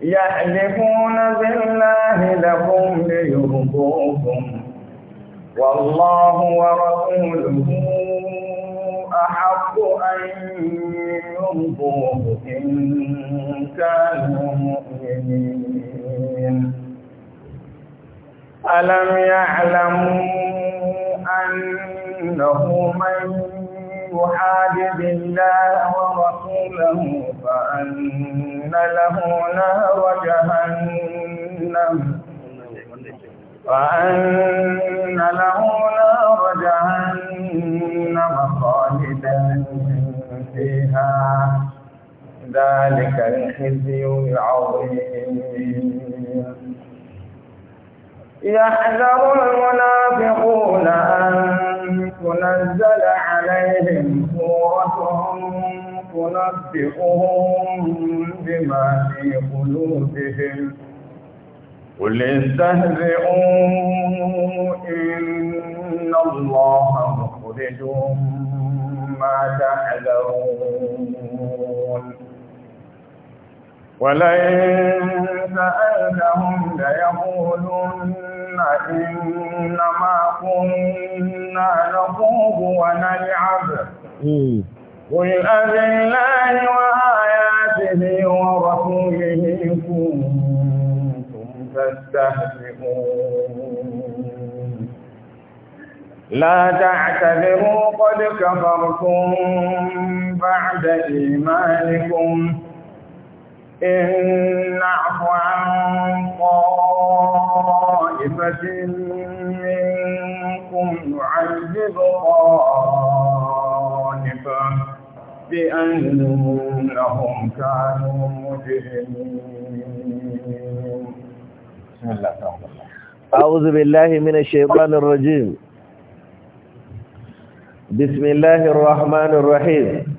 يحلفون بالله لكم ليرضوكم والله ورسوله أحق أن يرضوه إن كانوا مؤمنين ألم يعلموا أنه من يحاجب الله ورسوله فأن له نار جهنم فأن له نار جهنم خالدا فيها ذلك الخزي العظيم يحذر المنافقون أن ونزل عليهم سورة تنبئهم بما في قلوبهم قل استهزئوا إن الله مخرج ما تحذرون ولئن سألتهم ليقولن إنما كنا نخوض ونلعب قل أبالله وآياته ورسوله كنتم تستهزئون لا تعتذروا قد كفرتم بعد إيمانكم إن نعفو عن طائفة منكم نعذب طائفة بأنهم كانوا مجرمين بسم الله أعوذ بالله من الشيطان الرجيم بسم الله الرحمن الرحيم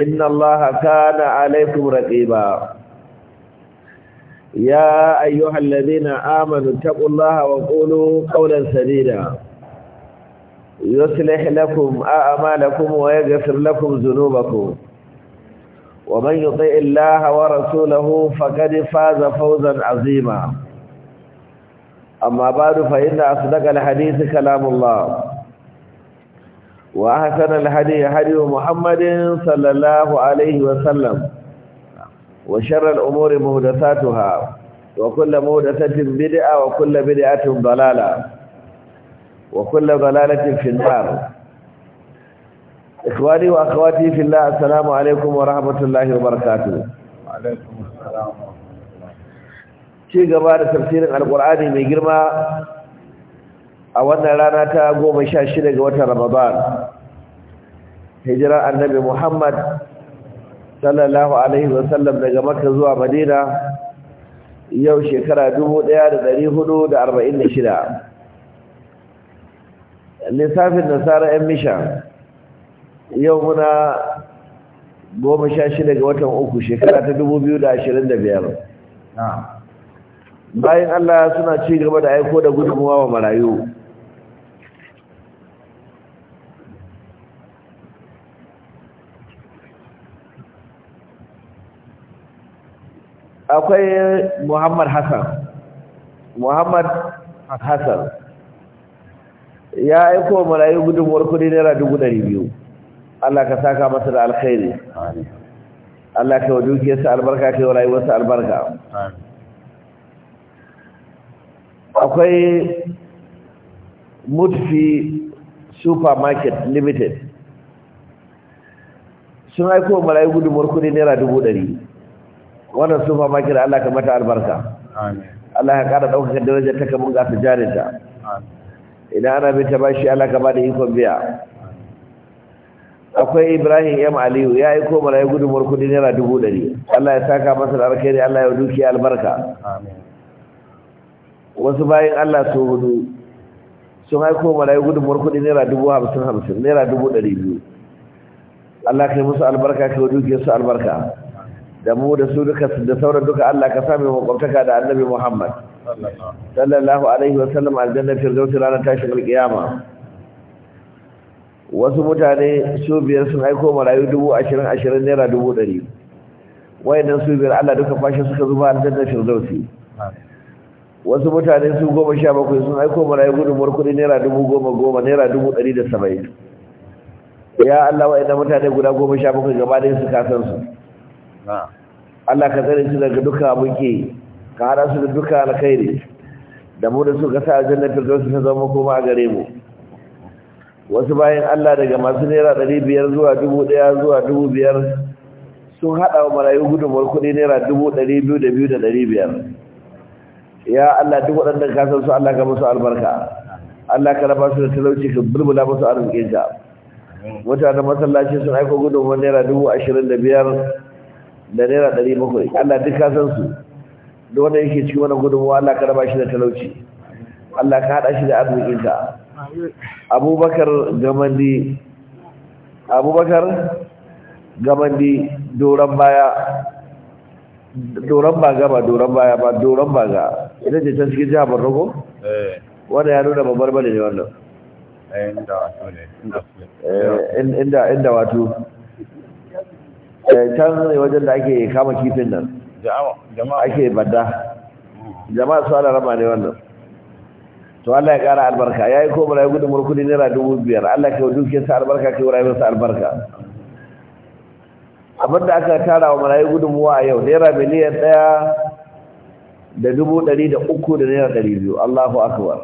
inna allaha kana alaykum raqiba ya ayyuhalladhina amanu taqullaha wa qulu qawlan sadida yuslih lakum a'malakum wa yaghfir lakum dhunubakum wa man yuti' allaha wa rasulahu faqad faza fawzan 'azima amma ba'du fa inna asdaqal hadith kalamullah وأحسن الهدي هدي محمد صلى الله عليه وسلم وشر الأمور مهدثاتها وكل مهدثة بدعة وكل بدعة ضلالة وكل ضلالة في النار إخواني وأخواتي في الله السلام عليكم ورحمة الله وبركاته وعليكم السلام ورحمة الله شيء قبار تفسير القرآن من جرمه a wannan rana ta goma sha shida ga watan Ramadan hijirar annabi Muhammad sallallahu alaihi wasallam daga Makka zuwa Madina yau shekara dubu ɗaya da da da arba'in da shida. lissafin nasara yan misha yau muna goma sha shida ga watan uku shekara ta dubu biyu da da biyar. bayan Allah suna ci gaba da aiko da gudunmuwa wa marayu akwai Muhammad Hassan Muhammad Hassan ya aiko marayu gudunmuwar kudi naira dubu ɗari biyu Allah ka saka masa da alkhairi Allah ka wa sa albarka ka wa rayuwarsa albarka akwai mutfi supermarket limited sun aiko marayu gudunmuwar kudi naira dubu ɗari wannan super makira Allah ka mata albarka Allah ya kara daukaka darajar ta kamun ga tijarinta idan ana bin ta bashi Allah ka bada ikon biya akwai Ibrahim yam Aliyu ya aiko mana ya ya gudumar kudi naira dubu ɗari Allah ya saka masa da alkhairi Allah ya dukiya albarka wasu bayan Allah su hudu sun aiko mana ya gudumar kudi naira dubu hamsin hamsin naira dubu ɗari biyu Allah ka yi musu albarka ka yi su albarka da mu da su duka da sauran duka Allah ka sami makwabtaka da annabi Muhammad sallallahu alaihi wa sallam aljanna firdausi ranar tashin alkiyama wasu mutane su biyar sun aiko marayu dubu ashirin ashirin naira dubu ɗari wayannan su biyar Allah duka fashe suka zuba aljanna firdausi wasu mutane su goma sha bakwai sun aiko marayu gudunmuwar kuɗi naira dubu goma goma naira dubu ɗari da saba'in ya Allah wayannan mutane guda goma sha bakwai gaba ɗaya su kasansu Allah ka tsare su daga duka abin ke ka hada su da duka alkhairi da mu da suka sa aljanna firdausi ta zama koma gare mu wasu bayan Allah daga masu naira ɗari biyar zuwa dubu ɗaya zuwa dubu biyar sun haɗa wa marayu gudunmuwar kuɗi naira dubu ɗari biyu da biyu da ɗari biyar ya Allah duk waɗanda ka san su Allah ka musu albarka Allah ka raba su da talauci ka bulbula musu ka mutanen masallaci sun aiko gudunmuwar naira dubu ashirin da biyar da naira ɗari bakwai Allah duk ka san su da wanda yake cikin wani gudunmuwa Allah ka raba shi da talauci Allah ka haɗa shi da ka. abubakar gamandi abubakar gamandi doron baya doron ba gaba doron baya ba doron ba ga ita ce ta cikin jihar borno eh. wanda ya nuna babbar bane ne wannan eh, inda wato eh, Eh, can wajen da ake kama kifin nan ake badda jama'a su ala rama ne wannan to Allah ya kara albarka yayi ko ya gudun murkudi naira dubu biyar Allah ya dukiyar sa albarka kai wuraren sa albarka abin da aka tara wa marayu gudunmuwa a yau naira miliyan daya da dubu ɗari da uku da naira ɗari biyu Allahu akbar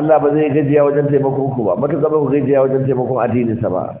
Allah ba zai gajiya wajen taimakon ku ba matuƙa zama ku gajiya wajen taimakon sa ba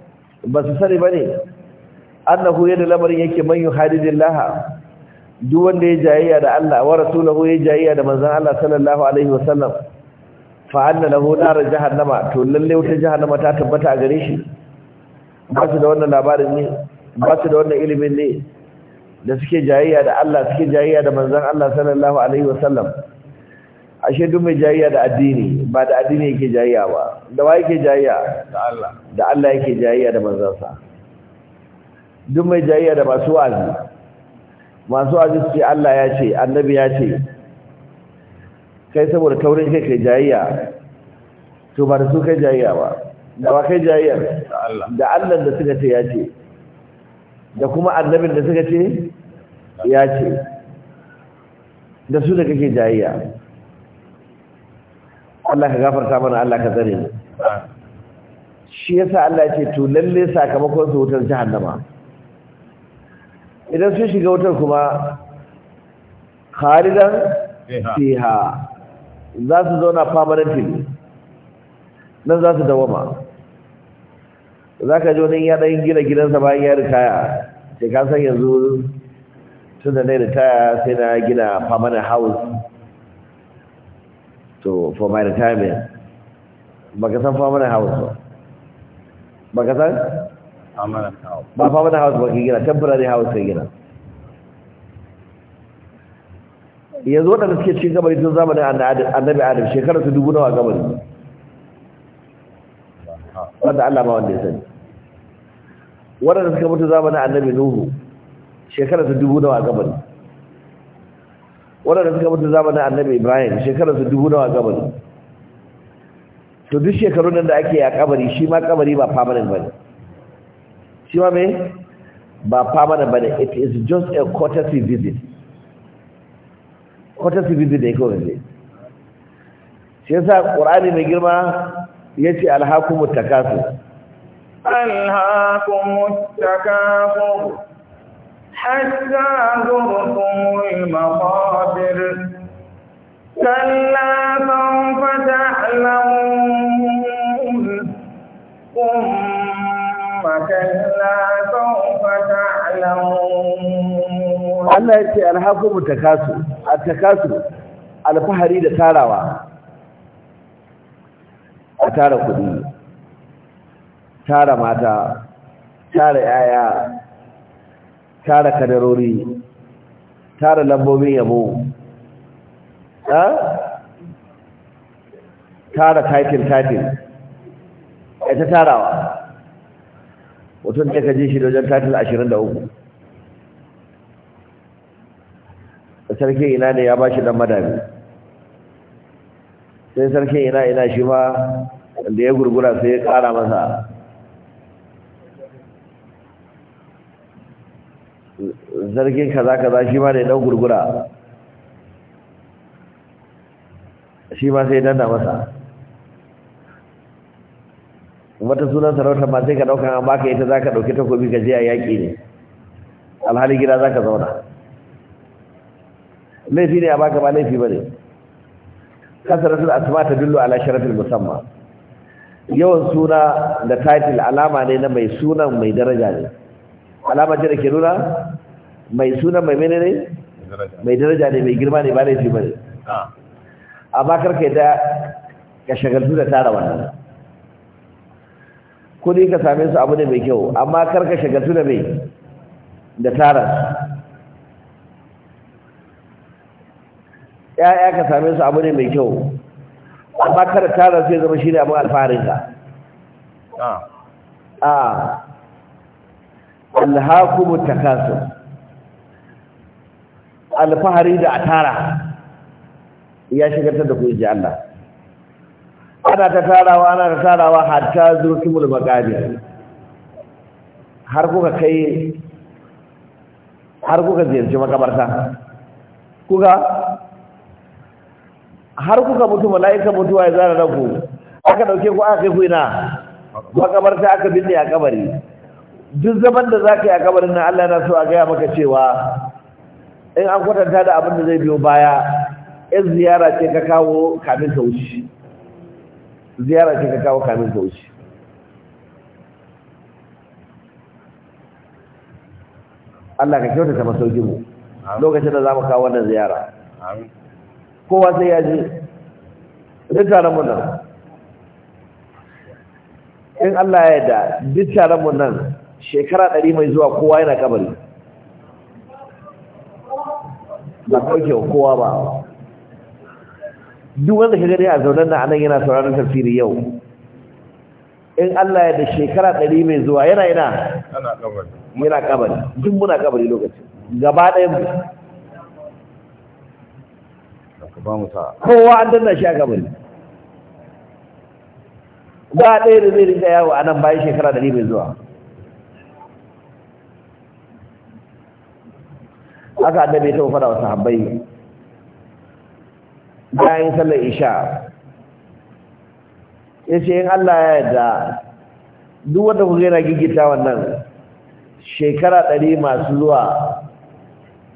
ba su sani ba ne annahu yadda lamarin yake hadidin laha duk wanda ya jayayya da Allah wa rasulahu ya jayayya da manzon Allah sallallahu alaihi wasallam fa anna lahu nar jahannama to lalle wata jahannama ta tabbata a gare shi ba su da wannan labarin ne ba su da wannan ilimin ne da suke jayayya da Allah suke jayayya da manzon Allah sallallahu alaihi wasallam ashe duk mai jayayya da addini ba da addini yake jayayya ba da wa yake jayayya da Allah da Allah yake jayayya da manzansa duk mai jayayya da masu wazi masu wazi su Allah ya ce annabi ya ce kai saboda taurin kai kai jayayya to ba da su kai jayayya ba da wa kai jayayya da Allah da suka ce ya ce da kuma annabin da suka ce ya ce da su da kake jayayya Allah ka gafarta mana Allah ka tsare mu shi yasa Allah ya ce to lalle sakamakon su wutar jahannama idan sun shiga wutar kuma khalidan fiha za su zauna permanently nan za su dawama za ka ji wani ya dan gina gidansa bayan ya ritaya sai ka san yanzu tun da na ritaya sai na gina permanent house to for my retirement baka san permanent house ba baka san permanent house ba permanent house ba ki gina temporary house ka gina yanzu waɗanda suke cikin gabari tun zamanin annabi adam shekarar su dubu nawa gabari wanda Allah ba wanda ya sani waɗanda suka mutu zamanin annabi nuhu shekarar su dubu nawa gabari waɗanda suka mutu zamanin annabi ibrahim shekarar su dubu nawa kabari to duk shekarun nan da ake a kabari shi ma kabari ba ba ne shi ma me ba ba ne. it is just a courtesy visit courtesy visit da yake ne shi yasa ƙorani mai girma ya ce alhaqumut takasur alhaqumut takasur Tasha zuwa gulma ƙofi r. Sallah saufa ta lamu. Allah ya ce 'Yan mu ta kasu, al-fahari da tarawa!' A tara kuɗi, tara mata, tara 'ya'ya. tara kadarori tara lambobin yabo tara title title ya ta tarawa mutum ɗaya ka shi wajen title ashirin da uku sarki ina ne ya ba shi ɗan madami sai sarki ina ina shi ma da ya gurgura sai ya ƙara masa zargin kaza kaza shi ma da ya gurgura shi ma sai danna masa wata sunan sarauta ma sai ka ɗauka an baka ita za ka ɗauki takobi ka je a yaƙi ne alhali gida za ka zauna laifi ne a baka ba laifi ba ne kasaratul asma ta dillo ala sharafin musamman yawan suna da title alama ne na mai sunan mai daraja ne alama ce da ke nuna mai suna mai mene ne mai daraja ne mai girma ne ba ne ba ne amma karka da ka shagaltu da tara wannan kudi ka same su abu ne mai kyau amma karka shagaltu da mai da tara ya'ya ka same su abu ne mai kyau amma kar tara ya zama shi ne abin alfaharinka a ah. ah. alhakumu takasur alfahari da atara ya shigartar da ku inji Allah ana ta tarawa ana ta tarawa hatta zurkimul maqabir har kuka kai har kuka ziyarci makabarta kuka har kuka mutu mala'ika mutuwa ya zara ranku aka dauke ku aka kai ku ina makabarta aka binne a kabari duk zaman da za ka yi a kabarin nan Allah na so a gaya maka cewa in an kwatanta da abin da zai biyo baya in ziyara ce ka kawo kamin ta wuce ziyara ce ka kawo kamin ta wuce Allah ka kyauta ta masauki mu lokacin da za mu kawo wannan ziyara kowa sai ya je duk taron mu nan in Allah ya yarda duk taron mu nan shekara ɗari mai zuwa kowa yana kabari ba ɗauke wa kowa ba duk wanda ka gani a zaunar na anan yana sauraron tafsiri yau in Allah ya da shekara ɗari mai zuwa yana yana yana kabari duk muna kabari lokacin gaba ɗaya mu kowa an danna shi a kabari ba ɗaya da zai rinka yawo a nan bayan shekara ɗari mai zuwa haka annabi ya taɓa faɗa wa sahabbai bayan sallar isha ya ce in Allah ya yarda duk wanda kuka yana gigita wannan shekara ɗari masu zuwa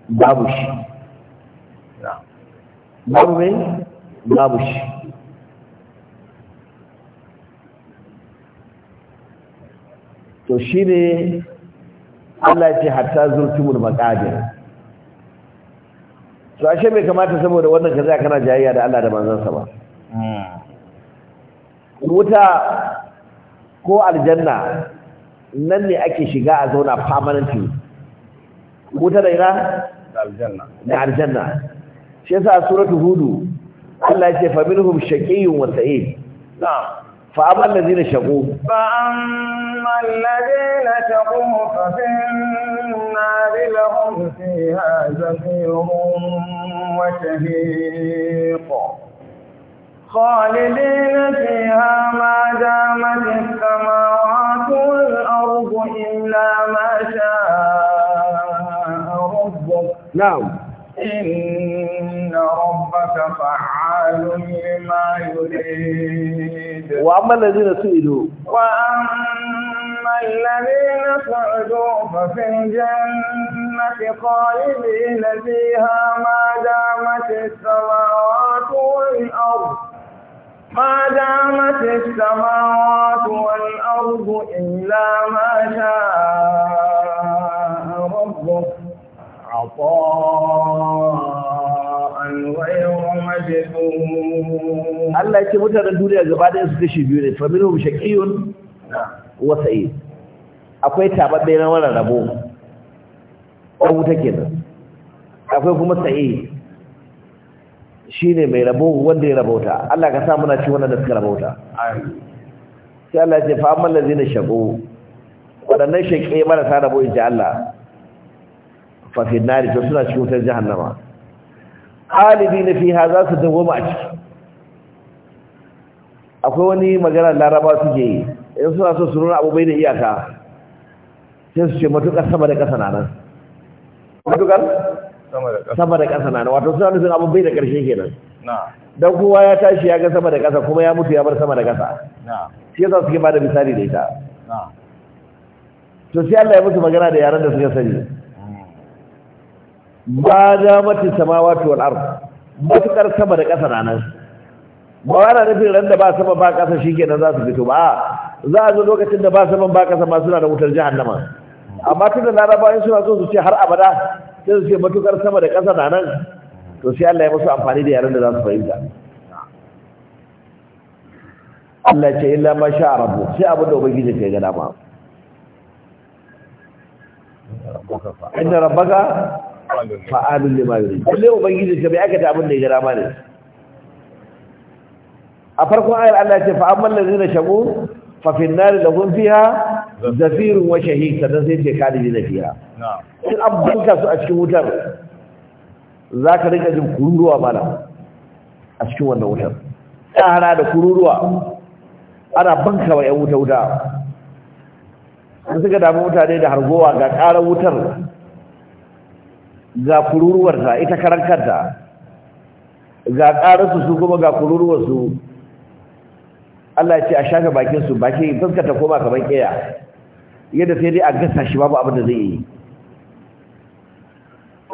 babu shi babu mai babu shi to shi ne Allah ce hatta zurtumul maqadir to ashe bai kamata saboda wannan ka zai kana jayayya da Allah da manzansa ba hmm. wuta ko aljanna nan ne ake shiga a zauna permanently wuta da ina da aljanna da aljanna shi yasa suratul hudu Allah ya ce fa minhum shaqiyyun wa sa'id na'am fa amma allazina shaqu fa amma allazina shaqu fa fi النار لهم فيها زفير وشهيق خالدين فيها ما دامت السماوات والأرض إلا ما شاء ربك نعم إن ربك فعال لما يريد وأما الذين سئلوا وأما الذين سعدوا ففي الجنة خالدين فيها ما دامت السماوات والأرض ما دامت السماوات والأرض إلا ما شاء ربك عطاء غير مجدود الله يكتب متى الدنيا gaba da su kashi biyu yi akwai tababbe na wannan rabo rubuta kenan akwai kuma sa'i shine mai rabo wanda ya rabauta Allah ka sa muna ci wannan da suka rabauta sai Allah ya ce fa amman lazina shago wadannan shaƙe marasa rabo in ji Allah fa fi nari to suna cikin wutar jahannama na fiha za su dawoma a ciki akwai wani magana laraba suke yi in suna so su nuna abubai da iyaka sai su ce matuƙar sama da ƙasa na nan matukar sama da ƙasa na nan wato suna nufin abubai da ƙarshe kenan don kowa ya tashi ya ga sama da ƙasa kuma ya mutu ya bar sama da ƙasa shi yasa suke ba da misali da ita to sai Allah ya musu magana da yaran da suka sani ba da mace samawati wal ard matukar sama da ƙasa na nan ba wani nufin ran da ba sama ba ƙasa shi kenan za su fito ba za a zo lokacin da ba saman ba kasa ma suna da wutar jahannama amma tun na laraba in suna so su ce har abada sai su ce matukar sama da kasa na nan to sai Allah ya musu amfani da yaren da za su fahimta Allah ce illa ma sha rabu sai abin da ubangiji ke ga dama inda rabbaka fa'alun lima yuri kullai ubangiji ka bai ta abin da ya ga dama ne a farkon ayar Allah ce fa'amman lazina shagu fafin nari da gun fiya zafirin wa shahi sannan sai ce kalibi na fiya sun abbanka su a cikin wutar za ka rika jin kururuwa mana a cikin wannan wutar tsara da kururuwa ana banka wa ‘yan wuta wuta an suka damu mutane da hargowa ga ƙarar wutar ga kururuwarta ita karankanta ga ƙararsu su kuma ga kururuwarsu Allah ya ce a shafe bakin su baki fuskar ta koma kamar kiya yadda sai dai a gasa shi babu abin da zai yi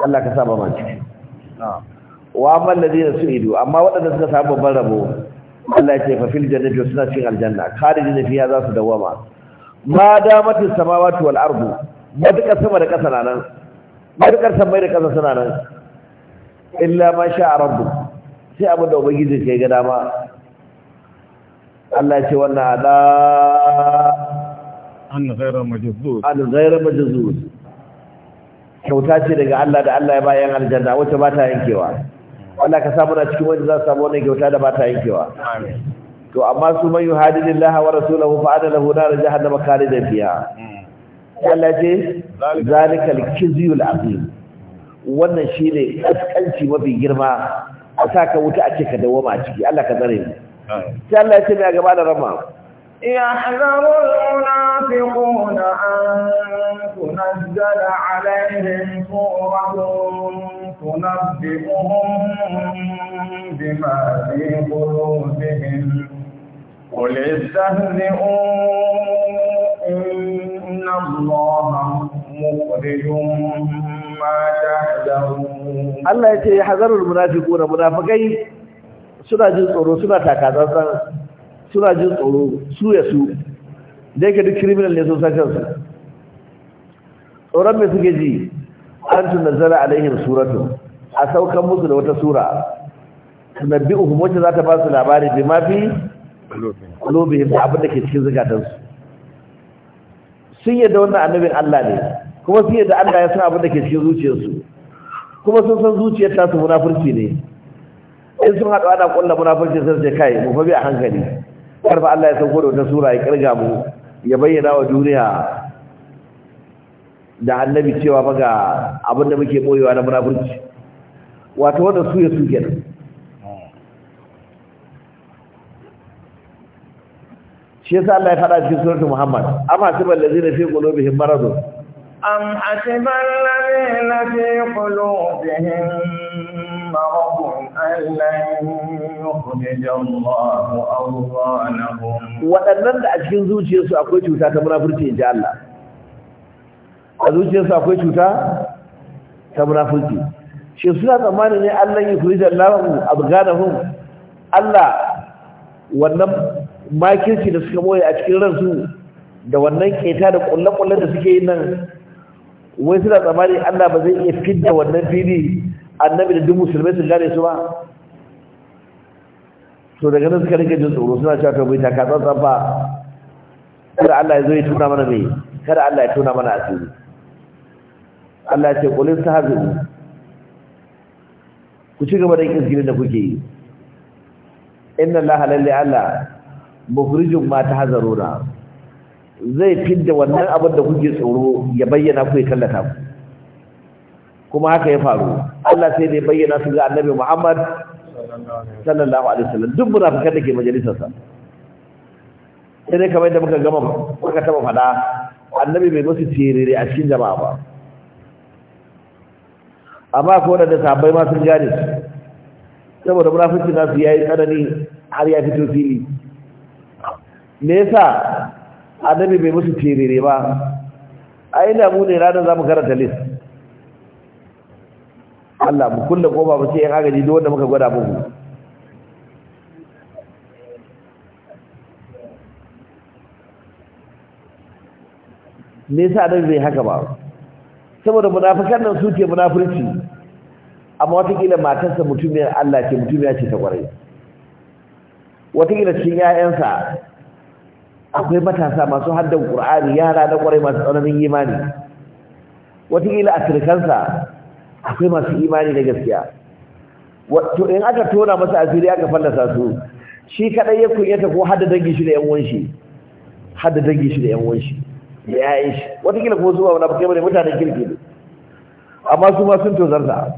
Allah ka sa ba mace wa amma ladina su'idu amma waɗanda suka samu babban rabo Allah ya ce fa fil jannati suna cikin aljanna khalidin fiha za su dawama ma damatu samawati wal ardu madukar sama da ƙasa nan madukar sama da ƙasa suna nan illa ma sha rabbu sai abin da ubangiji ke ga dama Allah ya ce wannan ala an ghayra majzuz majzuz kyauta ce daga Allah da Allah ya bayan aljanna wacce ba ta yankewa Wannan ka samu na cikin wanda za su samu wannan kyauta da ba ta yankewa amin to amma su man yuhadidillahi wa rasulahu fa adala lahu nar jahannama khalidan fiha hmm. Allah ce zalikal kizyul azim wannan shine kaskanci mafi girma a saka wuta a ce ka dawoma a ciki Allah ka tsare mu sai Allah ya يا جماعه gaba da يحذر المنافقون أن تنزل عليهم سورة تنبئهم بما في قلوبهم قل استهزئوا إن الله مخرج ما تحذرون الله يحذر المنافقون منافقين suna jin tsoro suna takatsantsan suna jin tsoro su ya su da yake duk criminal ne sun san kansu tsoron mai suke ji an tunazzala alaihim suratu a saukan musu da wata sura tunabbi'uhum wacce za ta ba su labari bi ma fi qulubihim da abinda ke cikin zukatansu sun yadda wannan annabin Allah ne kuma sun yadda Allah ya san abinda ke cikin zuciyarsu kuma sun san zuciyar ta su munafurci ne in sun haɗu ana ƙulla munafurci sun ce kai mu fa bi a hankali karfa Allah ya sauko da wata sura ya kirga mu ya bayyana wa duniya da annabi cewa fa ga abin da muke boyewa na munafurci wato wanda su ya su kenan shi yasa Allah ya faɗa cikin suratul Muhammad amma sibal ladina fi qulubihim maradun am hasiba alladhina fi qulubihim مرض أن يخرج الله أضغانهم waɗannan da a cikin zuciyarsu akwai cuta ta munafurci in ji Allah a zuciyarsu akwai cuta ta munafurci shi suna tsammanin ne Allah ya kuri jallahu abganahum Allah wannan makirci da suka moye a cikin ransu da wannan keta da kullakullan da suke yin nan wai suna tsammanin Allah ba zai iya fidda wannan fili annabi da duk musulmai sun gane su ba to daga nan suka rike jin tsoro suna cewa to bai ta ka tsantsan fa kada Allah ya zo ya tuna mana mai kada Allah ya tuna mana asiri Allah ya ce qulil sahabi ku ci gaba da kisgirin da kuke yi inna Allah lalle Allah mukhrijum ma tahzaruna zai fidda wannan abin da kuke tsoro ya bayyana ku ya tallata ku kuma haka ya faru Allah sai dai bayyana su ga annabi Muhammad sallallahu alaihi wasallam duk munafikan da ke majalisarsa sai dai kamar yadda muka gama muka taba fada annabi bai musu tirire a cikin jama'a ba amma ko da sabai ma sun gane saboda na su yayi tsanani har ya fito fili me yasa annabi bai musu tirire ba A ina mu ne ranar zamu karanta list Allah mu kulle kofa ba sai yan agaji duk wanda muka gwada muku me yasa dan zai haka ba saboda munafikan nan suke munafurci amma watakila matarsa mutumiyar Allah ce mutumiya ce ta kwarai watakila cikin 'ya'yansa akwai matasa masu haddan Qur'ani yara da kwarai masu tsananin imani kila a turkansa akwai masu imani da gaskiya Wato in aka tona masa asiri aka fallasa su shi kadai ya kunyata ko hada dangi shi da yan uwan shi hada dangi shi da yan uwan shi da yayin shi kila ko zuwa wani abokai bane mutanen kirki ne amma su ma sun da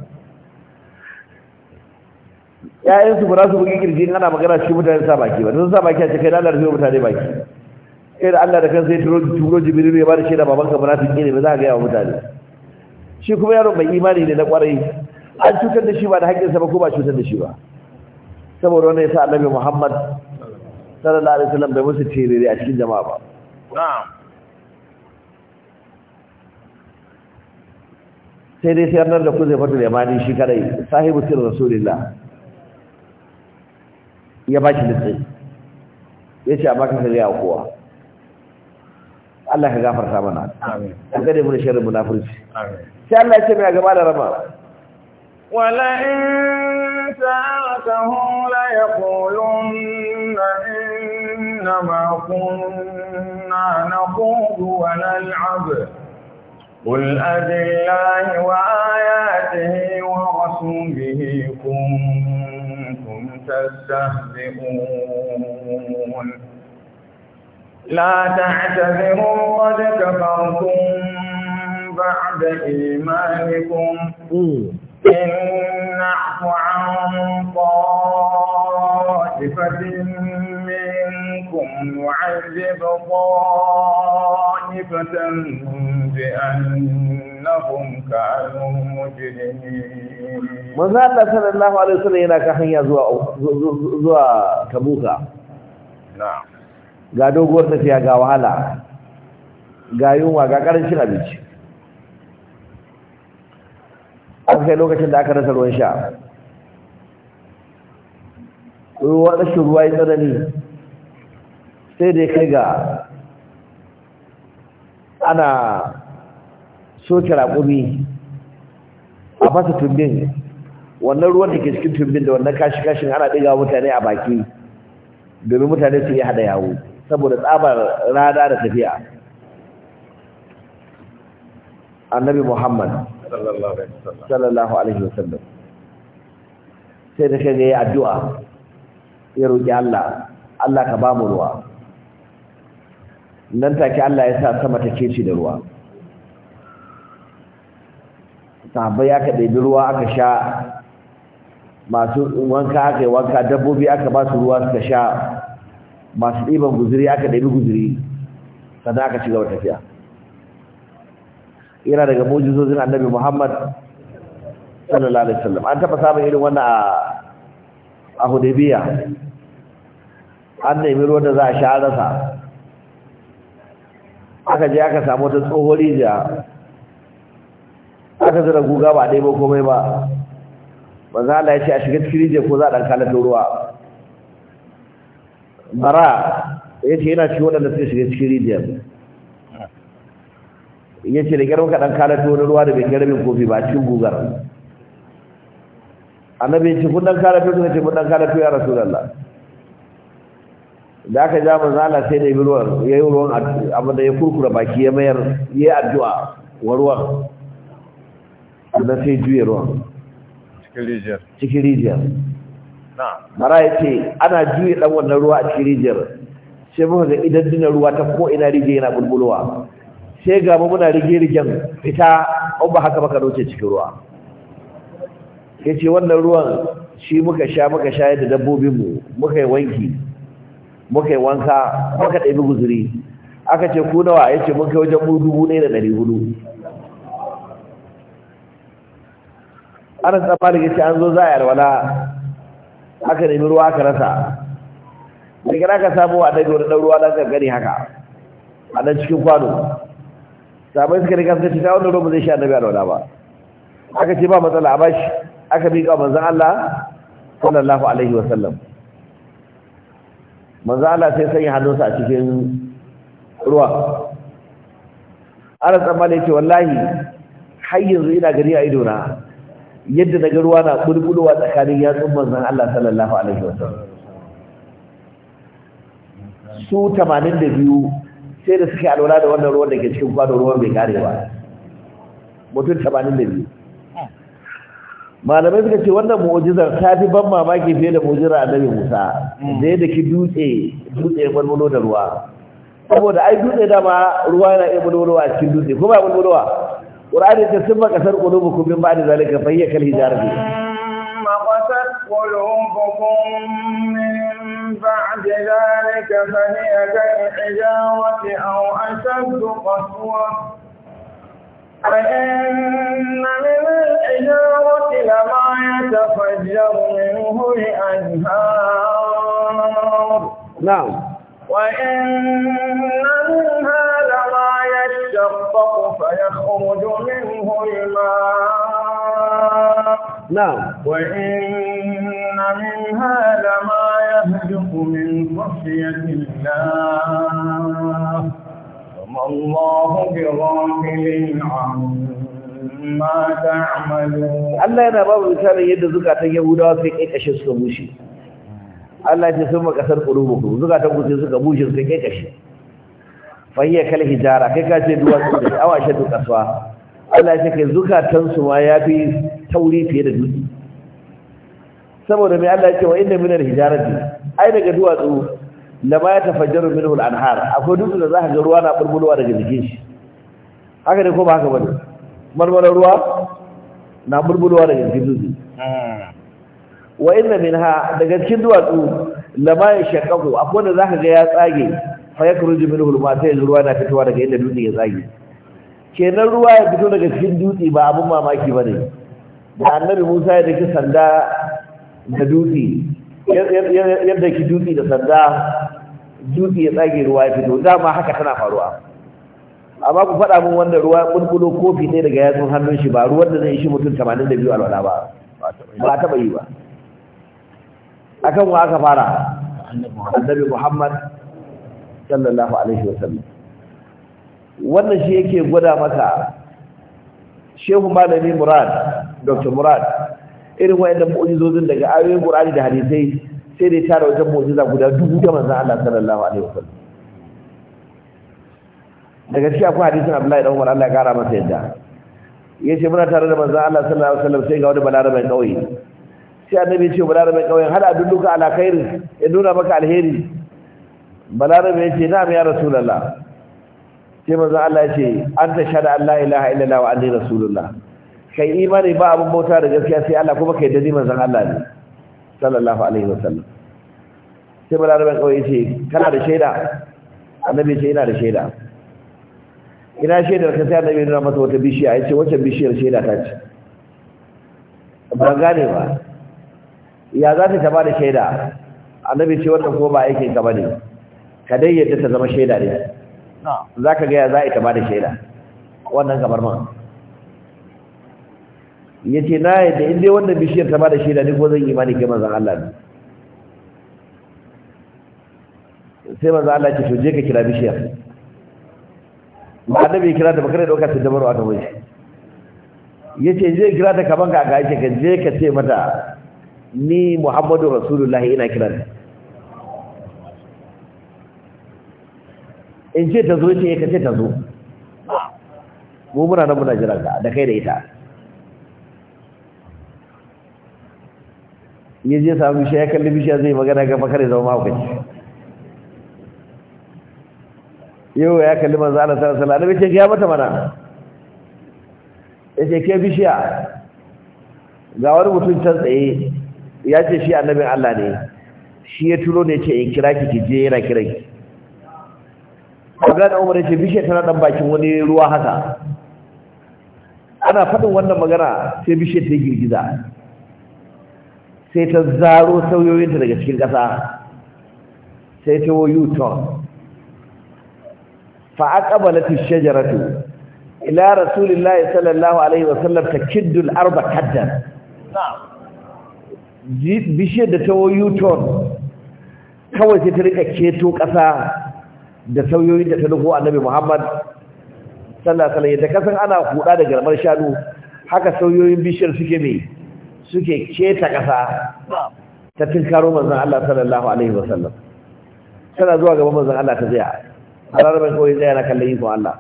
yayin su ba su bugi kirji ana magana shi mutane sa baki ba sun sa baki a cikin Allah da mutane baki da Allah da kansa ya turo turo jibril ya ba da shaida babanka munafiki ne ba za ka ga ya mutane shi kuma yaron mai imani ne na kwarai an cutar da shi ba da haƙƙinsa ba ko ba cutar da shi ba saboda wannan yasa annabi Muhammad sallallahu alaihi wasallam bai musu tirire a cikin jama'a ba sai dai sayar da ku zai fata da yamani shi kadai sahibu sir rasulillah ya ba shi litsi ya ce a baka sai ya kowa Allah ka gafarta mana amin ka gare mu da sharrin munafurci amin sai Allah ya ce mai gaba da rama wala in sa'atahum la yaqulunna inna ma kunna naqudu wa nal'ab قل أبالله وآياته ورسوله كنتم تستهزئون لا تعتذروا قد كفرتم بعد إيمانكم إن نعفو عن طائفة منكم نعذب طائفة بأنهم كانوا مجرمين ماذا Allah الله عليه وسلم yana kan hanya zuwa نعم. ga doguwar tafiya ga wahala ga yunwa ga ƙarancin abinci an kai lokacin da aka rasa ruwan sha ruwa rashin ruwa yi tsanani sai dai kai ga ana soke raƙumi a fasa tumbin wannan ruwan da ke cikin tumbin da wannan kashi-kashin ana ɗiga mutane a baki domin mutane su yi hada yawo saboda tsabar rada da tafiya annabi muhammad sallallahu alaihi wasallam sai da kai yi addu'a ya roki Allah Allah ka bamu ruwa nan take Allah ya sa sama ta kece da ruwa sahabbai aka ɗebi ruwa aka sha masu wanka aka yi wanka dabbobi aka ba su ruwa suka sha masu ɗiban guzuri aka ɗabi guzuri sannan aka ci gaba tafiya yana daga mujizozin annabi muhammad sallallahu alaihi wasallam an taɓa samun irin wannan a hudabiya an nemi ruwan da za a sha rasa aka je aka samu ta tsohon rijiya aka zira guga ba ɗaya ba komai ba Ba za a ya ce a shiga cikin rijiya ko za a ɗan kalato ruwa bara ya ce yana ci waɗanda suke shiga cikin rijiyar ya ce da gyaran kaɗan ta wani ruwa da bai gyaran kofi ba cikin gugara annabi ya ce kun ɗan kalata suka ce kun ɗan kalata ya rasu Allah da aka ja manzala sai da yi ruwan ya yi ruwan abinda ya kurkura baki ya mayar ya yi addu'a wa ruwan sannan sai juye ruwan cikin rijiyar mara ya ce ana juye ɗan wannan ruwa a cikin rijiyar sai muka ga idan dina ruwa ta ko ina rijiya yana bulbulowa sai ga mu muna rige rigen fita an ba haka maka doce cikin ruwa Ya ce wannan ruwan shi muka sha muka sha yadda dabbobinmu mu muka yi wanki muka yi wanka muka ɗabi guzuri aka ce ku nawa yace mun kai wajen mu dubu da ɗari hudu ana tsammanin ce an zo za a yi alwala aka nemi ruwa aka rasa daga aka samu a daga wani na don gani haka a nan cikin kwano sabai suka rika suka cika wannan ruwa zai sha annabi alwala ba aka ce ba matsala a bashi aka bi miƙa manzan Allah sallallahu alaihi wasallam manzan Allah sai sanya hannunsa a cikin ruwa ana tsammanin ce wallahi har yanzu ina gani a idona yadda daga ruwa na ɓulɓulowa tsakanin yatsun manzon Allah sallallahu alaihi wasallam su 82 sai da suke alwala da wannan ruwan da ke cikin kwano ruwan bai kare tamanin mutum 82 malamai suka ce wannan mu'ujizar, ta fi ban mamaki fiye da a annabi Musa da yadda ki dutse dutse bulbulo da ruwa saboda ai dutse dama ruwa yana iya bulbulowa a cikin dutse kuma ya bulbulowa ورأيت ثم قسر قلوبكم من بعد ذلك فهي كالهجار ثم قسر قلوبكم من بعد ذلك فهي كالحجارة أو أشد قسوة فإن من الحجارة لما يتفجر منه الأنهار نعم وإن منها لما يشقق فيخرج منه الماء نعم وإن منها لما يهجق من خشية الله وما الله بغافل عنه Allah yana babu misalin yadda zukatan Yahudawa sai kai kashin suka Allah ya sun makasar ku, zukatan ku sai suka bushe suka kai kashi fa kal hijara kai ka ce duwa su da awa shadu kaswa Allah ya kai zukatan su ma fi tauri fiye da dutse saboda mai Allah ya ce wa inna minal hijarati ai daga duwatsu ba ya tafajjaru minhu al-anhar akwai dutse da zaka ga ruwa na bulbulwa daga jikin shi haka ne ko ba haka bane marmarar ruwa na bulbulwa daga jikin dutse hmm. wa inna minha daga cikin duwatsu lama ya shakaku akwai wanda zaka ga ya tsage fa ya kuruji minhu al sai ruwa na fitowa daga inda dutse ya tsage kenan ruwa ya fito daga cikin dutse ba abun mamaki bane da annabi Musa ya dake sanda da dutse yadda ki dutse da sanda dutse ya tsage ruwa ya fito dama haka tana faruwa amma ku faɗa min wanda ruwa kulkulo kofi ɗaya daga yatsun hannun shi ba ruwan da zai ishi mutum 82 alwala ba ba taɓa yi ba akan wa aka fara annabi Muhammad sallallahu alaihi wasallam wannan shi yake gwada maka shehu malami murad dr murad irin wayannan mu'jizozin daga ayoyin qur'ani da hadisai sai dai tara wajen mu'jiza guda dubu da manzon Allah sallallahu alaihi wasallam daga cikin akwai hadisin Abdullahi dan Umar Allah ya kara masa yadda yace muna tare da manzon Allah sallallahu alaihi wasallam sai ga wani balarabe kauye sai annabi ce kawai kauyen hal adulluka ala khairin ya nuna maka alheri balarabe ya ce na ya rasulullah sai manzo Allah ya ce anta shada Allah la ilaha illallah wa anni rasulullah kai imani ba abun bauta da gaskiya sai Allah kuma kai dani manzo Allah ne sallallahu alaihi wasallam sai balarabe kauye kawai ce kana da shaida annabi ce ina da shaida ina shaidar ka sai annabi ya nuna masa wata bishiya ya ce wacce bishiyar shaida ta ce ba gane ba ya za ta ba da shaida annabi ce wannan ko ba aikin ka bane ka dai yadda ta zama shaida ne za ka ga ya za ta ba da shaida wannan kamar man ya ce na yadda inda wannan bishiyar ta ba da shaida ne ko zan yi mani ke manzan Allah ne sai manzan Allah ce to je ka kira bishiyar ba annabi kira ta bakare dauka ta dabaru ta wuce yace je kira ta kaban ka ga yake ka je ka ce mata ni muhammadu rasulullahi ina kiran in ce ta zo ce ka ce ta zo mu muna nan muna jiranta da kai da ita ya je samu bishiya ya kalli bishiya zai magana ga fakar ya zama mahaukaci yau ya kalli manzo Allah sallallahu da bishiya ya mata mana ya ce ke bishiya ga wani mutum can tsaye ya ce shi annabin Allah ne shi ya turo ne ce in kira ki ki je yana kiran ki magana umar ce bishe tana dan bakin wani ruwa haka ana faɗin wannan magana sai bishe ta girgiza sai ta zaro sauyoyinta daga cikin ƙasa sai ta wo yuton fa aqbalatu shajaratu ila rasulillahi sallallahu alaihi wasallam takiddu al-arba kaddan na'am bishiyar da ta wayo ton kawai sai ta rika keto ƙasa da sauyoyin da ta nufo annabi muhammad sallasala yadda kasan ana huda da garmar shanu haka sauyoyin bishiyar suke mai suke ceta ƙasa ta tinkaro manzon Allah sallallahu alaihi wasallam tana zuwa gaban manzon Allah ta zaya a rarraben kawai zaya na kallon ikon Allah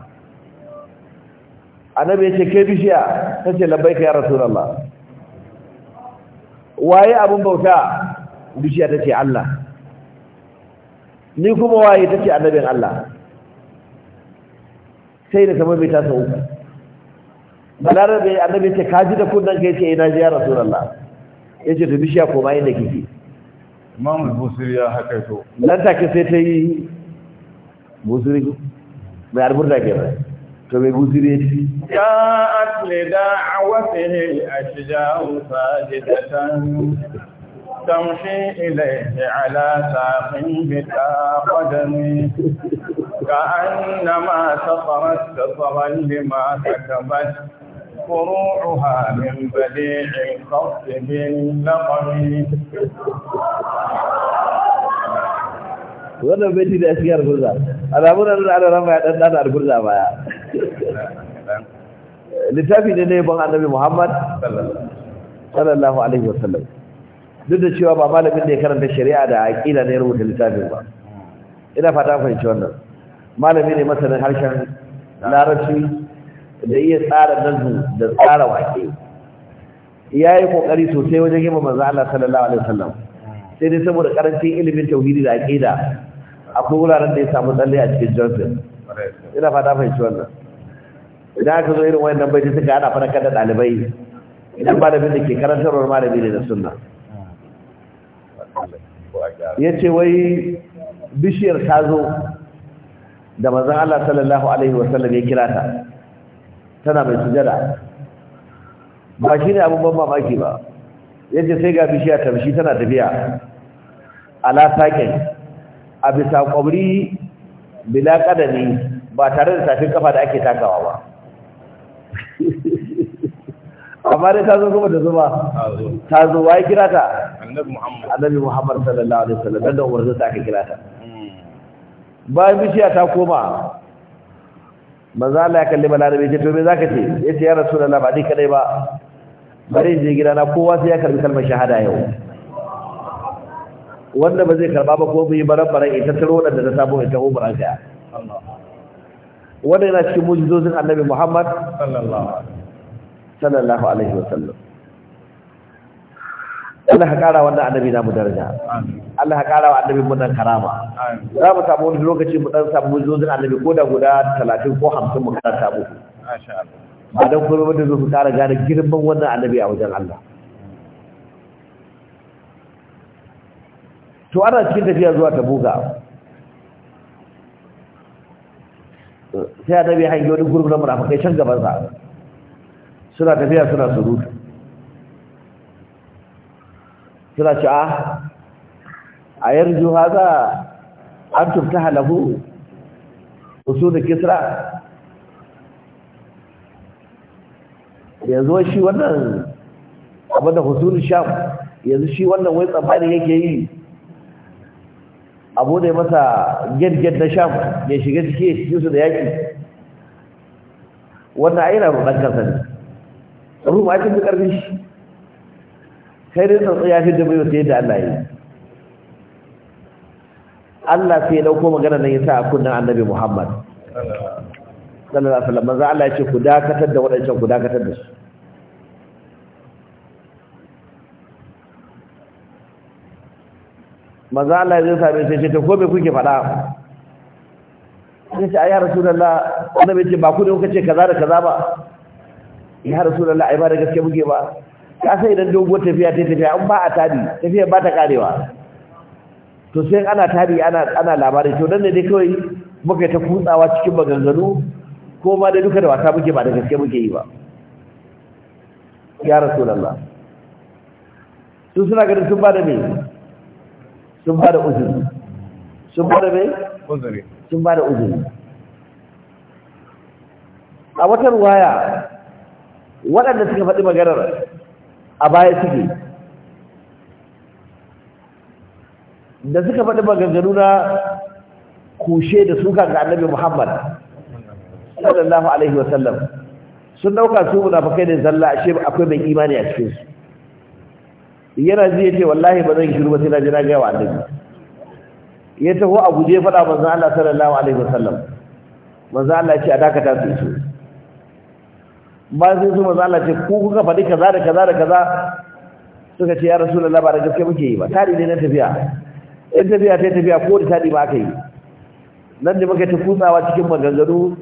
annabi ya ce ke bishiya ta ce labbaika ya allah waye abin bauta zuciya ta ce Allah ni kuma waye ta ce annabin Allah sai da kamar bai ta sau balarabe annabi ce ka ji da kunnan kai ce ina ziyara rasulullah rasulallah ya ce ko bishiya da inda kike imamul busiri ya haka to nan take sai ta yi busiri mai alburda kenan to be good to it. Ya asli da awasihi ashijahu sajidatan, tamshi ilaihi ala sahin bita kwadani, ka an na ma safarar da tsawon min bade in kawsibin wannan baiti da shi argurza alamun nan ana ran ya dan dan argurza baya littafi ne ne ban annabi Muhammad sallallahu alaihi wasallam duk da cewa ba malamin da ya karanta shari'a da aqila ne rubuta littafin ba ina fata fahimci wannan malami ne masanin harshen larabci da iya tsara nazu da tsara wake ya yi kokari sosai wajen yi manzo Allah sallallahu alaihi wasallam sai dai saboda karancin ilimin tauhidi da aqida akwai wuraren da ya samu tsalle a cikin johnson ina fata fahimci wannan idan aka zo irin nan bai suka ana fara kada ɗalibai idan malamin da ke karantarwar malami ne da sunna ya ce wai bishiyar ta zo da mazan Allah sallallahu Alaihi wasallam ya kira ta tana mai sujada ba shi ne abin ban mamaki ba yadda sai ga bishiya tamshi tana tafiya ala saƙin a bisa kwabri bila kadani ba tare da safin kafa da ake takawa ba amma dai ta zo kuma da zuba ta zo wai kira ta annabi muhammad sallallahu alaihi wasallam dan da umarzu ta aka kira ta hmm. bayan bishiya ta koma manzo Allah ya kalli balarabe ce to me zaka ce yace ya rasulullah ba dai kadai ba bari je gidana kowa sai ya karbi kalmar shahada yau wanda ba zai karba ba ko bai yi baran-baran ita taro da ta samu ita ko baran ka wanda yana cikin mujizozin annabi muhammad sallallahu alaihi wasallam Allah ya kara wannan annabi na mu daraja Allah ya kara wa annabi mu nan karama za mu samu wani lokaci mu dan samu mujizozin annabi ko da guda 30 ko 50 mu karanta samu masha Allah ba dan kuma da zo mu kara gane girman wannan annabi a wajen Allah to ana cikin tafiya zuwa tabuga sai annabi hangi wani gurbi na munafakai can gaban sa suna tafiya suna surutu suna ci a ah, a yanzu haza an tufta halahu usu da kisra yanzu shi wannan abinda husulun sham yanzu shi wannan wai tsammani yake yi abu da masa gyargyar na sham ya shiga ciki ya cikinsu da yaƙi wannan aina rudan kansa ne ruhu ma cikin ƙarfi shi kai dai tsantsa ya fi da mai wata yadda Allah ya yi Allah sai ya ɗauko magana nan ya sa a kunnen annabi Muhammad sallallahu alaihi wasallam manzo Allah ya ce ku dakatar da waɗancan ku dakatar da su maza Allah zai same shi ce to ko bai kuke faɗa sai ce ya wanda annabi ce ba ku ne kuka ce kaza da kaza ba ya rasulullah ai ba da gaske muke ba ka sai idan doguwar tafiya ta tafiya an ba a tabi tafiya ba ta karewa to sai ana tabi ana ana labari to dan ne dai kawai muka ta kutsawa cikin maganganu ko ma da duka da wata muke ba da gaske muke yi ba ya rasulullah su suna ganin sun ba da me sun ba da uzuri sun ba da mai uzuri sun ba da uzuri a wata ruwaya waɗanda suka faɗi maganar a baya suke da suka faɗi maganganu na kushe da suka ga annabi Muhammad sallallahu alaihi wasallam sun dauka su munafikai ne zalla ashe akwai mai imani a cikin su yana ji yace wallahi ba zan shiru ba sai na ji na ga wa annabi ya taho a guje fada manzon Allah sallallahu alaihi wasallam manzon Allah ce a dakata su su ba su manzon Allah ce ku kuka fadi kaza da kaza da kaza suka ce ya rasulullah ba da gaske muke yi ba tari ne na tafiya in tafiya ta tafiya ko da tari ba aka yi nan da muka ta kutsawa cikin maganganu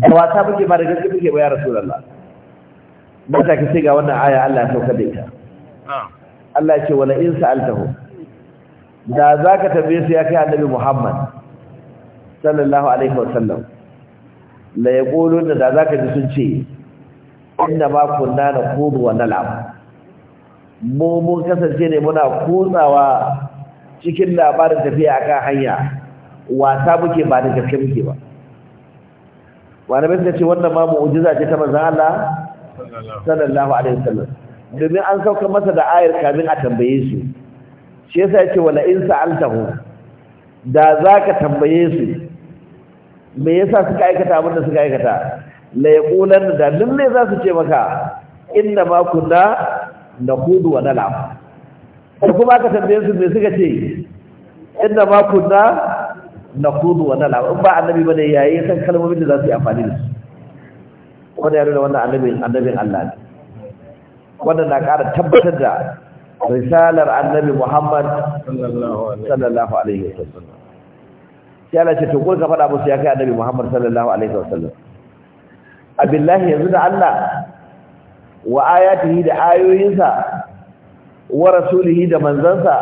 da wasa muke ba da gaske muke ba ya rasulullah ba ta kace ga wannan aya Allah ya saukar da ita Allah ce wala in sa'altahu da zaka tambaye su ya kai annabi Muhammad sallallahu alaihi wasallam la yaqulu da zaka ji sun ce inna na kunna kudu wa nal'ab mu mun kasance ne muna kutsawa cikin labarin tafiya akan hanya wasa muke ba da gaske muke ba wani bai ce wannan ma mu'jiza ce ta manzon Allah sallallahu alaihi wasallam domin an sauka masa da ayar kamin a tambaye su shi yasa yace wala in sa'altahu da ka tambaye su me yasa suka aikata abin da suka aikata la yaqulan da lalle za su ce maka inna ma kunna naqudu wa nal'ab ko kuma ka tambaye su me suka ce inna ma kunna naqudu wa nal'ab in ba annabi bane yayi san kalmomin da za su yi amfani da su wanda ya nuna wannan annabin annabin Allah ne wannan na ƙara tabbatar da risalar annabi Muhammad sallallahu alaihi wasallam sai Allah ce to ko ka faɗa musu ya kai annabi Muhammad sallallahu alaihi wasallam abillahi yanzu da Allah wa ayatihi da ayoyinsa wa rasulihi da manzansa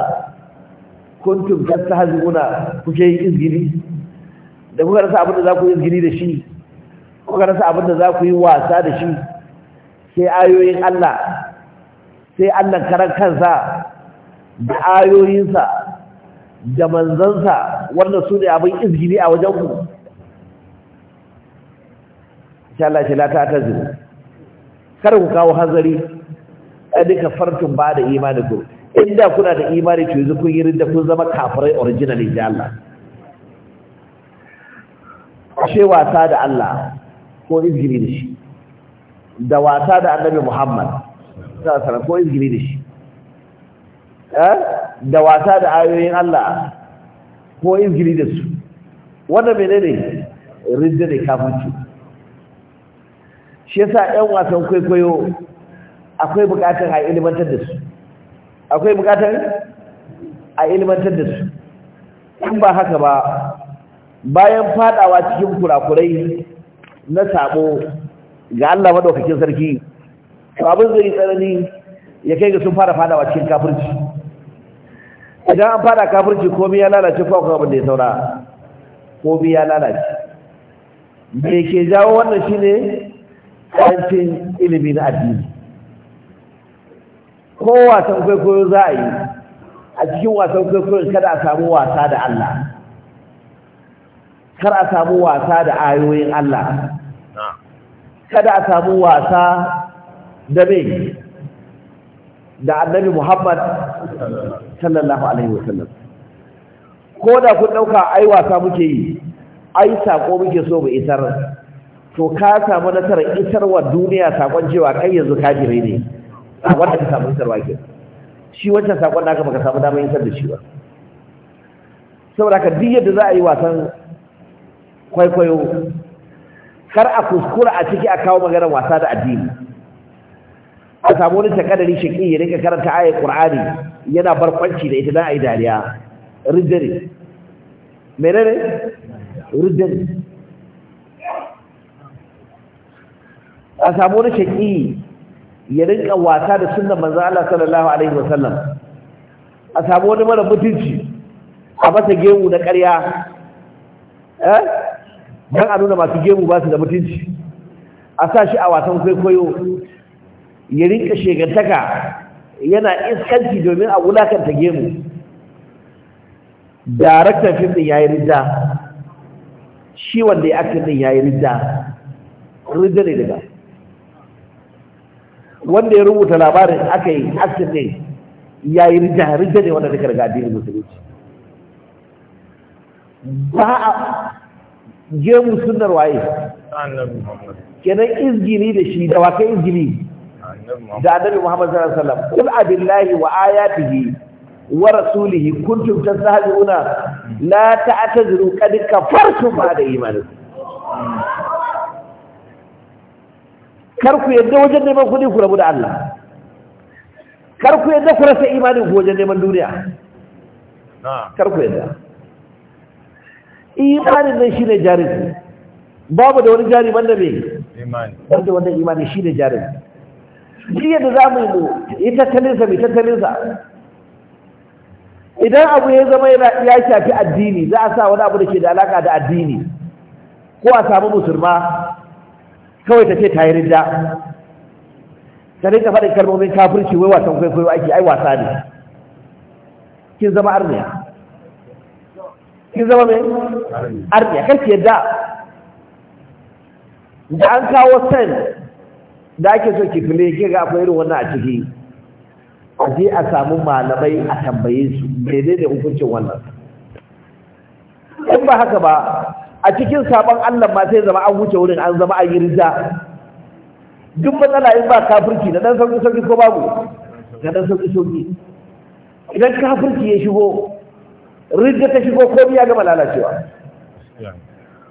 kuntum tastahzibuna kuke yin izgili da kuka rasa abin da za ku yi izgili da shi kuka rasa abin da za ku yi wasa da shi sai ayoyin Allah sai Allah karar kansa da ayoyinsa da manzansa wannan su ne abin izgini a wajen ku Allah shi lata ta tazu kar ku kawo hanzari duka farkin ba da imani ku inda kuna da imani to yanzu yi rinda kun zama kafirai original insha Allah ashe wasa da Allah ko izgini da shi da wasa da Annabi Muhammad sa ko izgili da shi eh? da wasa da ayoyin Allah ko izgili da su wanda ne ridda da kafinci shi yasa ƴan wasan kwaikwayo akwai bukatar a ilimantar da su akwai bukatar a ilimantar da su in ba haka ba bayan fadawa cikin kurakurai na sabo ga Allah madaukakin sarki to abin zai yi tsanani ya kai ga sun fara fada wa cikin kafirci idan an fada kafirci komai ya lalace ko kuma abin da ya saura komai ya lalace me ke jawo wannan shine karancin ilimi na addini ko wasan kwaikwayo za a yi a cikin wasan kwaikwayon kada a samu wasa da Allah kar a samu wasa da ayoyin Allah kada a samu wasa da me da annabi Muhammad sallallahu alaihi wasallam ko da kun dauka ai wasa muke yi ai sako muke so mu isar to ka samu nasarar isarwa duniya sakon cewa kai yanzu kafire ne sakon da ka samu isarwa ke shi wancan sakon da aka baka samu damar isar da shi ba saboda ka duk yadda za a yi wasan kwaikwayo kar a kuskura a ciki a kawo maganar wasa da addini a samu wani takadari shaki ya rika karanta ayar ƙurani yana barkwanci da ita da ayi dariya rijari ne? Rijiri. a samu wani shaki ya rinka wasa da sunan manzo Allah sallallahu alaihi wasallam a samu wani mara mutunci a masa gemu na ƙarya eh dan a nuna masu gemu ba su da mutunci a sa shi a wasan kwaikwayo ya rinka shegantaka yana iskanci domin a wulakanta gemu daraktan fim din yayi ridda shi wanda ya aka din yayi ridda ridda ne daga wanda ya rubuta labarin aka yi aktin din yayi ridda ridda ne wanda daga daga addinin musulunci ba a gemu sunnar waye kenan izgini da shi da wakai izgini da annabi Muhammad sallallahu alaihi wasallam kul abillahi wa ayatihi wa rasulihi kuntum tastahzi'una la ta'tazuru qad kafartum ba'da imanikum kar ku yadda wajen neman kudi ku rabu da Allah kar ku yadda ku rasa imanin ku wajen neman duniya kar ku yadda imanin nan shine jarin babu da wani jari banda me imani wanda wannan imani shine jarin shi yadda za mu yi mu yi tattalinsa mai tattalinsa idan abu ya zama ya shafi addini za a sa wani abu da ke da alaka da addini ko a samu musulma kawai ta ce ta yi rinda ta rinka faɗin kalmomin kafirci wai wasan kwaikwayo ake ai wasa ne kin zama arniya kin zama mai arniya karki yadda da an kawo sen da ake so ki fule ki ga akwai irin wannan a ciki a je a samu malamai a tambaye su daidai da hukuncin wannan in ba haka ba a cikin sabon Allah ma sai zama an wuce wurin an zama an yi rija duk matsala in ba kafirki na dan sauki sauki ko babu na dan sauki sauki idan kafirki ya shigo rija ta shigo ko biya ga malalacewa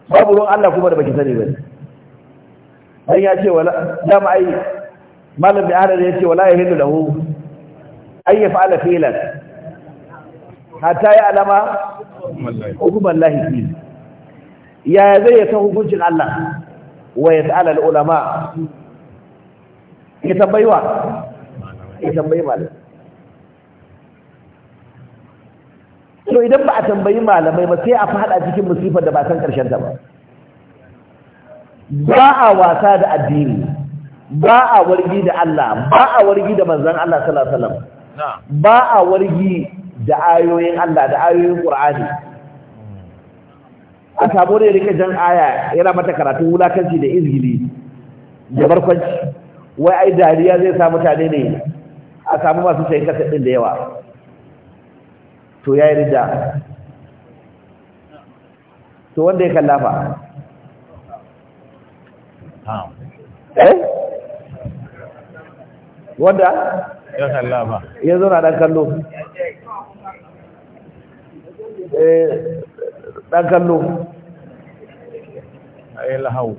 babu ruwan Allah kuma da baki sani ba har ya ce wala dama ai malam bi adad ya ce wala hindu lahu ay yaf'ala filan hatta ya alama wallahi lahi fi ya zai ya tahu hukuncin Allah wa yas'ala al ulama ya tambayi wa ya tambayi malam to idan ba a tambayi malamai ba sai a fada cikin musifar da ba san karshen ta ba ba a wasa da addini ba a wargi da Allah ba a wargi da manzon Allah sallallahu alaihi wasallam ba a wargi da ayoyin Allah da ayoyin Qur'ani a samu ne rike jan aya yana mata karatun wulakanci da izgili da barkwanci wai ai dariya zai sa mutane ne a samu masu sayin kasa ɗin da yawa to ya yi to wanda ya kallafa eh wanda ya kalla ba ya zo na dan kallo eh dan kallo ai lahau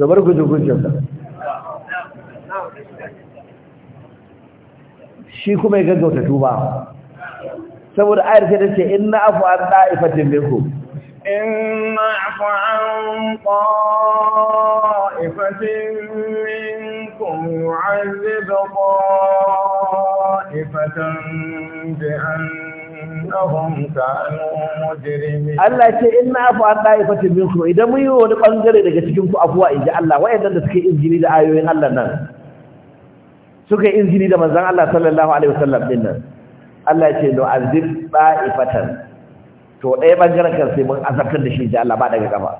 zabar ku guje guje shi kuma ya gaggauta tuba saboda ayar ce da ce inna afu an da'ifatin minkum إن نعف عن طائفة منكم يعذب طائفة بأنهم كانوا مجرمين الله يقول إن نعف عن طائفة منكم إذا ما يقول بانجري لك تكون أفواء إن شاء الله وإذا تكي إنجلي لآيوين الله نعم suka yi izini da manzon Allah sallallahu alaihi wasallam din nan Allah ya ce do azib ba'ifatan to ɗaya ɓangaren kan sai mun azabtar da shi da Allah ba daga kafa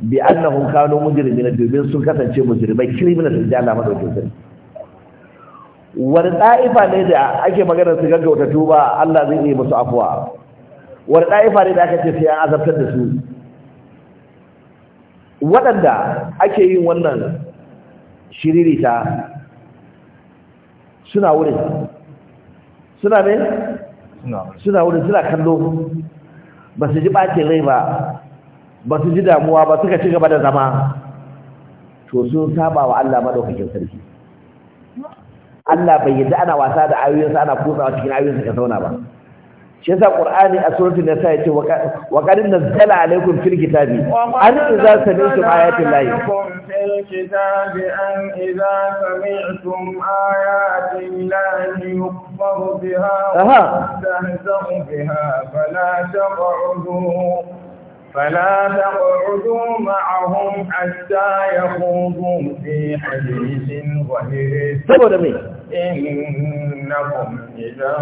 bi annahum kanu mujrimin domin sun kasance mujrimai criminals da Allah ma dauke su wani ɗa'ifa ne da ake magana su gaggauta tuba Allah zai yi musu afuwa wani ɗa'ifa ne da aka ce sai an azabtar da su waɗanda ake yin wannan shiririta suna wurin suna ne suna wurin suna kallo ba su ji ɓacin rai ba ba su ji damuwa ba suka ci gaba da zama to sun saba wa Allah madaukakin sarki Allah bai yadda ana wasa da ayoyinsa ana kusa cikin ayoyinsa ka zauna ba shi yasa qur'ani a suratul nisa yace wa qad nazzala alaykum fil kitabi an idza sami'tum ayati llahi fil فلا تقعدوا معهم حتى يخوضوا في حديث غيره إنكم إذا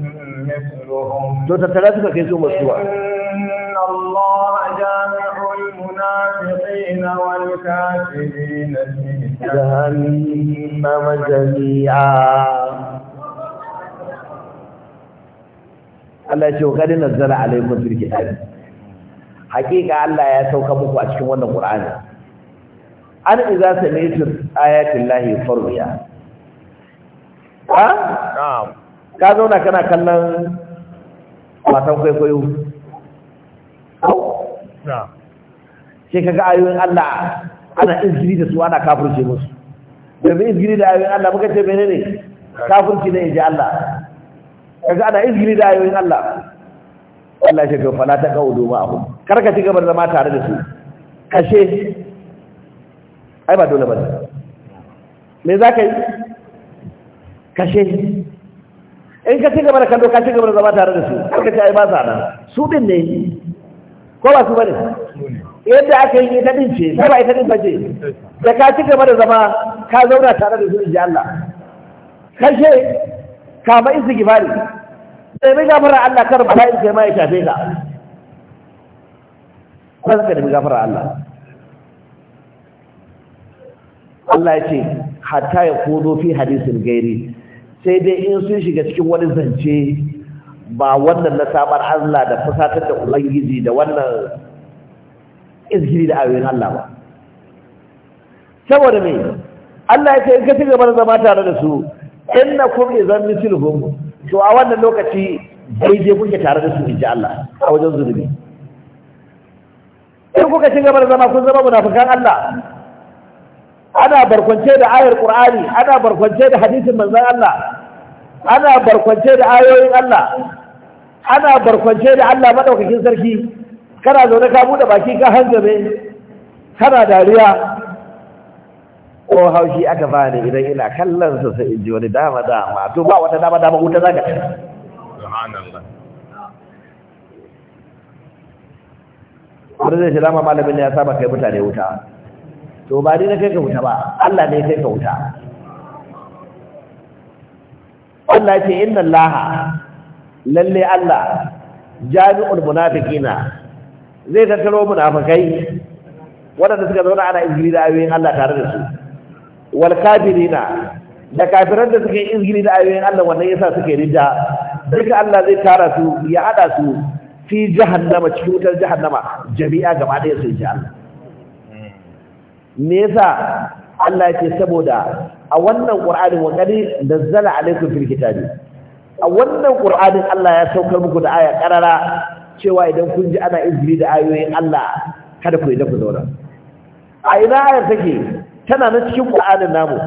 مثلهم to suka kai su musuwa inna Allah Allah ya ce nazzala alaikun fil hakika Allah ya sauka muku a cikin wannan ƙur'ani. an idza sami'tum ayatin lahi farbiya ha ka zauna kana kallon wasan kwaikwayo sai kaga ayoyin Allah ana izgiri da su ana kafirce musu domin izgiri da ayoyin Allah muka ce menene kafirci ne inji Allah kaga ana izgiri da ayoyin Allah Allah ya ce fala ta kaudu ma abu karka ci gaba da zama tare da su kashe ai ba dole ba ne me za ka yi kashe in ka ci gaba da kallo ka ci gaba da zama tare da su ka ci ai ba sa nan su din ne ko ba su bane yadda aka yi ta din ce ba ita din bace da ka ci gaba da zama ka zauna tare da su in inji Allah kashe ka ba isi gifari sai bai gafara Allah kar bala'in sai mai ya shafe ka ba zaka da gafara Allah Allah ya ce hatta ya kodo fi hadisin gairi sai dai in sun shiga cikin wani zance ba wannan na sabar Allah da fusatar da ubangiji da wannan izgiri da ayoyin Allah ba saboda me Allah ya ce in ka ci gaba zama tare da su in na innakum idan mithluhum to a wannan lokaci daidai kuke tare da su inji Allah a wajen zunubi in kuka ci gaba zama kun zama munafukan Allah ana barkwance da ayar Qur'ani ana barkwance da hadisin manzon Allah ana barkwance da ayoyin Allah ana barkwance da Allah madaukakin sarki kana zaune ka bude baki ka hanzame kana dariya ko haushi aka bani idan ina kallon su sai in ji wani dama dama to ba wata dama dama wuta zaka subhanallah wanda zai shirama malamin ya saba kai mutane wuta to ba ni na kai ka wuta ba Allah ne kai ka wuta Allah ya ce inna Laha, lalle Allah jami'ul munafiqina zai tattaro munafikai waɗanda suka zauna ana izgiri da ayoyin Allah tare da su wal kafirina da kafiran da suke izgiri da ayoyin Allah wannan yasa suke rinja duka Allah zai tara su ya hada su fi jahannama cikin wutar jahannama jami'a gaba ɗaya su ji Allah me yasa Allah ya ce saboda a wannan Qur'anin wa nazzala alaykum fil kitabi a wannan Qur'anin Allah ya saukar muku da aya karara cewa idan kun ji ana izini da ayoyin Allah kada ku yadda ku zauna a ina ayar take tana na cikin Qur'anin namu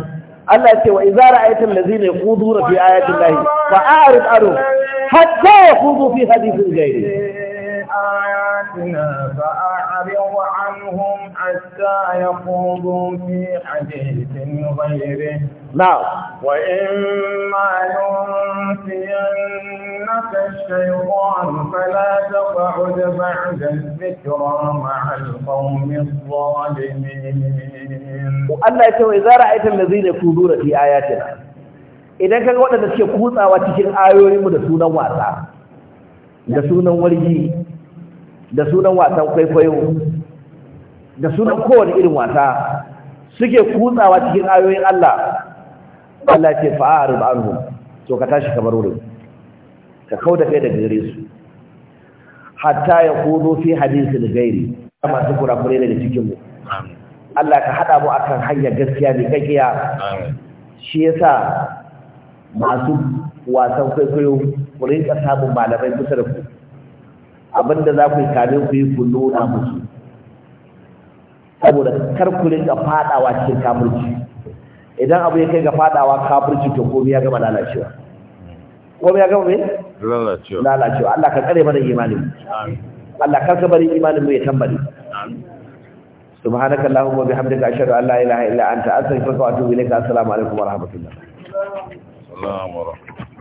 Allah ya ce wa idza ra'aytal ladzina yaquduna fi ayati llahi fa'arid anhum hatta yaqudu fi hadithin ghayri ayatina fa'a يعرض عنهم حتى يخوضوا في حديث غيره نعم وإما ينفينك الشيطان فلا تقعد بعد الذكرى مع القوم الظالمين وألا يتوى إذا رأيت الذين يخوضون في آياتنا idan kaga wadanda suke kutsawa cikin ayoyinmu da sunan wasa da sunan wargi da sunan wasan kwaikwayo da sunan kowane irin wasa suke kutsawa cikin ayoyin Allah Allah ce fa'arib anhu to ka tashi kamar wurin ka kauda kai daga gare su hatta ya kudo fi da gairi masu kurakure daga cikin mu Allah ka haɗa mu akan hanyar gaskiya mai kakkiya shi yasa masu wasan kwaikwayo ku rinka samun malamai kusa da ku abinda za ku yi kamin ku yi ku nuna musu saboda kar ku rinka fadawa cikin kafirci idan abu ya kai ga fadawa kafirci to komai ya gama lalacewa komai ya gama me lalacewa lalacewa Allah ka kare mana imanin amin Allah kar ka bari imanin mu ya tambare amin subhanaka allahumma bihamdika ashhadu an la ilaha illa anta astaghfiruka wa atubu ilaik assalamu alaikum wa rahmatullah assalamu